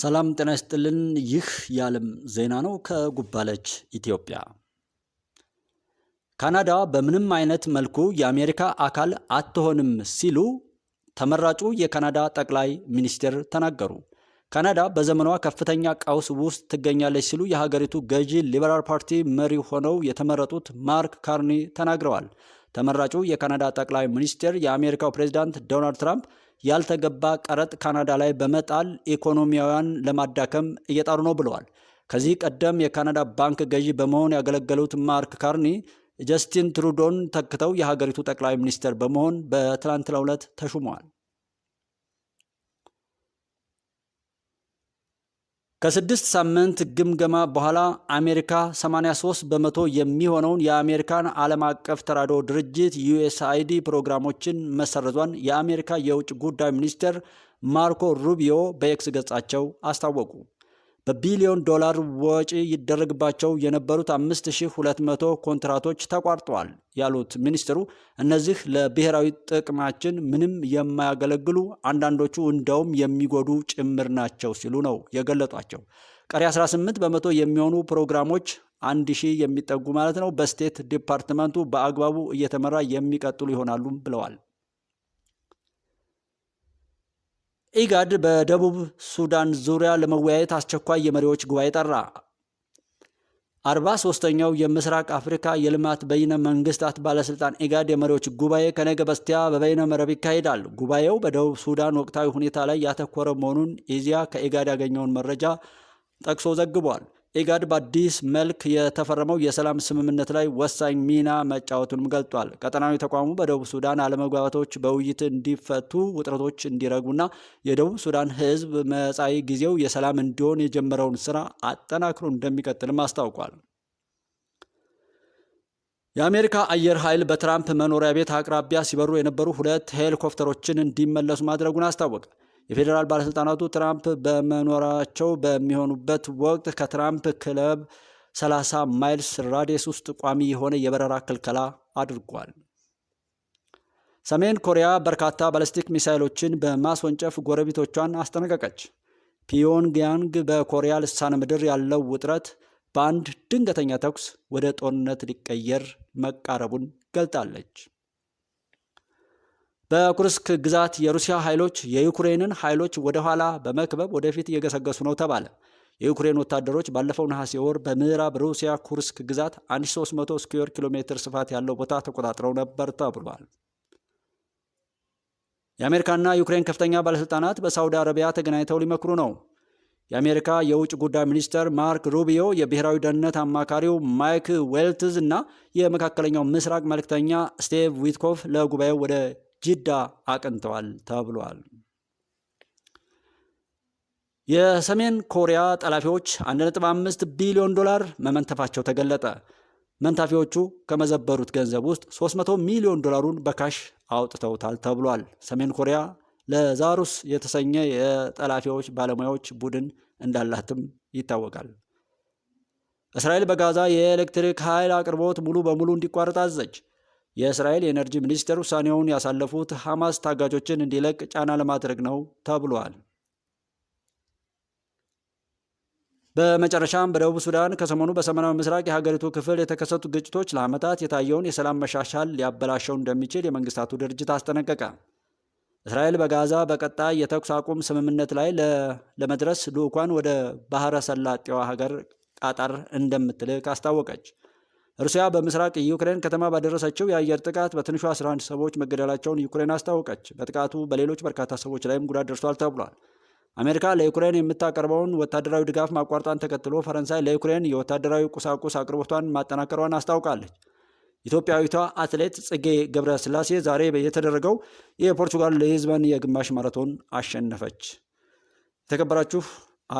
ሰላም ጤና ይስጥልን። ይህ የዓለም ዜና ነው ከጉባለች ኢትዮጵያ። ካናዳ በምንም አይነት መልኩ የአሜሪካ አካል አትሆንም ሲሉ ተመራጩ የካናዳ ጠቅላይ ሚኒስትር ተናገሩ። ካናዳ በዘመኗ ከፍተኛ ቀውስ ውስጥ ትገኛለች ሲሉ የሀገሪቱ ገዢ ሊበራል ፓርቲ መሪ ሆነው የተመረጡት ማርክ ካርኒ ተናግረዋል። ተመራጩ የካናዳ ጠቅላይ ሚኒስትር የአሜሪካው ፕሬዚዳንት ዶናልድ ትራምፕ ያልተገባ ቀረጥ ካናዳ ላይ በመጣል ኢኮኖሚያውያን ለማዳከም እየጣሩ ነው ብለዋል። ከዚህ ቀደም የካናዳ ባንክ ገዢ በመሆን ያገለገሉት ማርክ ካርኒ ጀስቲን ትሩዶን ተክተው የሀገሪቱ ጠቅላይ ሚኒስትር በመሆን በትላንትናው ዕለት ተሹመዋል። ከስድስት ሳምንት ግምገማ በኋላ አሜሪካ 83 በመቶ የሚሆነውን የአሜሪካን ዓለም አቀፍ ተራድኦ ድርጅት ዩኤስአይዲ ፕሮግራሞችን መሰረዟን የአሜሪካ የውጭ ጉዳይ ሚኒስትር ማርኮ ሩቢዮ በኤክስ ገጻቸው አስታወቁ። በቢሊዮን ዶላር ወጪ ይደረግባቸው የነበሩት 5200 ኮንትራቶች ተቋርጠዋል ያሉት ሚኒስትሩ እነዚህ ለብሔራዊ ጥቅማችን ምንም የማያገለግሉ አንዳንዶቹ እንደውም የሚጎዱ ጭምር ናቸው ሲሉ ነው የገለጧቸው። ቀሪ 18 በመቶ የሚሆኑ ፕሮግራሞች አንድ ሺህ የሚጠጉ ማለት ነው በስቴት ዲፓርትመንቱ በአግባቡ እየተመራ የሚቀጥሉ ይሆናሉ ብለዋል። ኢጋድ በደቡብ ሱዳን ዙሪያ ለመወያየት አስቸኳይ የመሪዎች ጉባኤ ጠራ። አርባ ሶስተኛው የምስራቅ አፍሪካ የልማት በይነ መንግስታት ባለስልጣን ኢጋድ የመሪዎች ጉባኤ ከነገ በስቲያ በበይነ መረብ ይካሄዳል። ጉባኤው በደቡብ ሱዳን ወቅታዊ ሁኔታ ላይ ያተኮረ መሆኑን ኢዚያ ከኢጋድ ያገኘውን መረጃ ጠቅሶ ዘግቧል። ኢጋድ በአዲስ መልክ የተፈረመው የሰላም ስምምነት ላይ ወሳኝ ሚና መጫወቱንም ገልጧል። ቀጠናዊ ተቋሙ በደቡብ ሱዳን አለመግባባቶች በውይይት እንዲፈቱ፣ ውጥረቶች እንዲረጉና የደቡብ ሱዳን ሕዝብ መጻኢ ጊዜው የሰላም እንዲሆን የጀመረውን ስራ አጠናክሮ እንደሚቀጥልም አስታውቋል። የአሜሪካ አየር ኃይል በትራምፕ መኖሪያ ቤት አቅራቢያ ሲበሩ የነበሩ ሁለት ሄሊኮፕተሮችን እንዲመለሱ ማድረጉን አስታወቀ። የፌዴራል ባለሥልጣናቱ ትራምፕ በመኖራቸው በሚሆኑበት ወቅት ከትራምፕ ክለብ 30 ማይልስ ራዲየስ ውስጥ ቋሚ የሆነ የበረራ ክልከላ አድርጓል። ሰሜን ኮሪያ በርካታ ባለስቲክ ሚሳይሎችን በማስወንጨፍ ጎረቤቶቿን አስጠነቀቀች። ፒዮንግያንግ በኮሪያ ልሳነ ምድር ያለው ውጥረት በአንድ ድንገተኛ ተኩስ ወደ ጦርነት ሊቀየር መቃረቡን ገልጣለች። በኩርስክ ግዛት የሩሲያ ኃይሎች የዩክሬንን ኃይሎች ወደኋላ በመክበብ ወደፊት እየገሰገሱ ነው ተባለ። የዩክሬን ወታደሮች ባለፈው ነሐሴ ወር በምዕራብ ሩሲያ ኩርስክ ግዛት 1300 ስኩዌር ኪሎ ሜትር ስፋት ያለው ቦታ ተቆጣጥረው ነበር ተብሏል። የአሜሪካና ዩክሬን ከፍተኛ ባለሥልጣናት በሳውዲ አረቢያ ተገናኝተው ሊመክሩ ነው። የአሜሪካ የውጭ ጉዳይ ሚኒስትር ማርክ ሩቢዮ፣ የብሔራዊ ደህንነት አማካሪው ማይክ ዌልትዝ እና የመካከለኛው ምስራቅ መልእክተኛ ስቴቭ ዊትኮፍ ለጉባኤው ወደ ጅዳ አቅንተዋል ተብሏል። የሰሜን ኮሪያ ጠላፊዎች 1.5 ቢሊዮን ዶላር መመንተፋቸው ተገለጠ። መንታፊዎቹ ከመዘበሩት ገንዘብ ውስጥ 300 ሚሊዮን ዶላሩን በካሽ አውጥተውታል ተብሏል። ሰሜን ኮሪያ ለዛሩስ የተሰኘ የጠላፊዎች ባለሙያዎች ቡድን እንዳላትም ይታወቃል። እስራኤል በጋዛ የኤሌክትሪክ ኃይል አቅርቦት ሙሉ በሙሉ እንዲቋረጥ አዘዘች። የእስራኤል የኤነርጂ ሚኒስቴር ውሳኔውን ያሳለፉት ሐማስ ታጋቾችን እንዲለቅ ጫና ለማድረግ ነው ተብሏል። በመጨረሻም በደቡብ ሱዳን ከሰሞኑ በሰሜናዊ ምስራቅ የሀገሪቱ ክፍል የተከሰቱ ግጭቶች ለዓመታት የታየውን የሰላም መሻሻል ሊያበላሸው እንደሚችል የመንግስታቱ ድርጅት አስጠነቀቀ። እስራኤል በጋዛ በቀጣይ የተኩስ አቁም ስምምነት ላይ ለመድረስ ልዑኳን ወደ ባህረ ሰላጤዋ ሀገር ቃጣር እንደምትልክ አስታወቀች። ሩሲያ በምስራቅ ዩክሬን ከተማ ባደረሰችው የአየር ጥቃት በትንሹ 11 ሰዎች መገደላቸውን ዩክሬን አስታወቀች። በጥቃቱ በሌሎች በርካታ ሰዎች ላይም ጉዳት ደርሷል ተብሏል። አሜሪካ ለዩክሬን የምታቀርበውን ወታደራዊ ድጋፍ ማቋርጧን ተከትሎ ፈረንሳይ ለዩክሬን የወታደራዊ ቁሳቁስ አቅርቦቷን ማጠናከሯን አስታውቃለች። ኢትዮጵያዊቷ አትሌት ጽጌ ገብረ ስላሴ ዛሬ የተደረገው የፖርቱጋል ሊዝበን የግማሽ ማራቶን አሸነፈች። የተከበራችሁ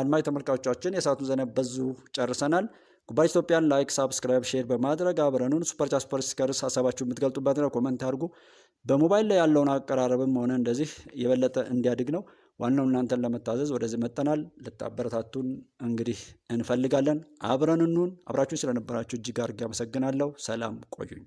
አድማጭ ተመልካቾቻችን የሰዓቱን ዜና በዙ ጨርሰናል። ጉባኤ ኢትዮጵያን ላይክ፣ ሳብስክራይብ፣ ሼር በማድረግ አብረኑን ሱፐርቻት ሱፐር ስቲከርስ ሀሳባችሁ የምትገልጡበት ነው። ኮመንት አድርጉ። በሞባይል ላይ ያለውን አቀራረብም ሆነ እንደዚህ የበለጠ እንዲያድግ ነው ዋናው። እናንተን ለመታዘዝ ወደዚህ መጠናል። ልታበረታቱን እንግዲህ እንፈልጋለን። አብረንኑን አብራችሁን ስለነበራችሁ እጅግ አድርጌ አመሰግናለሁ። ሰላም ቆዩኝ።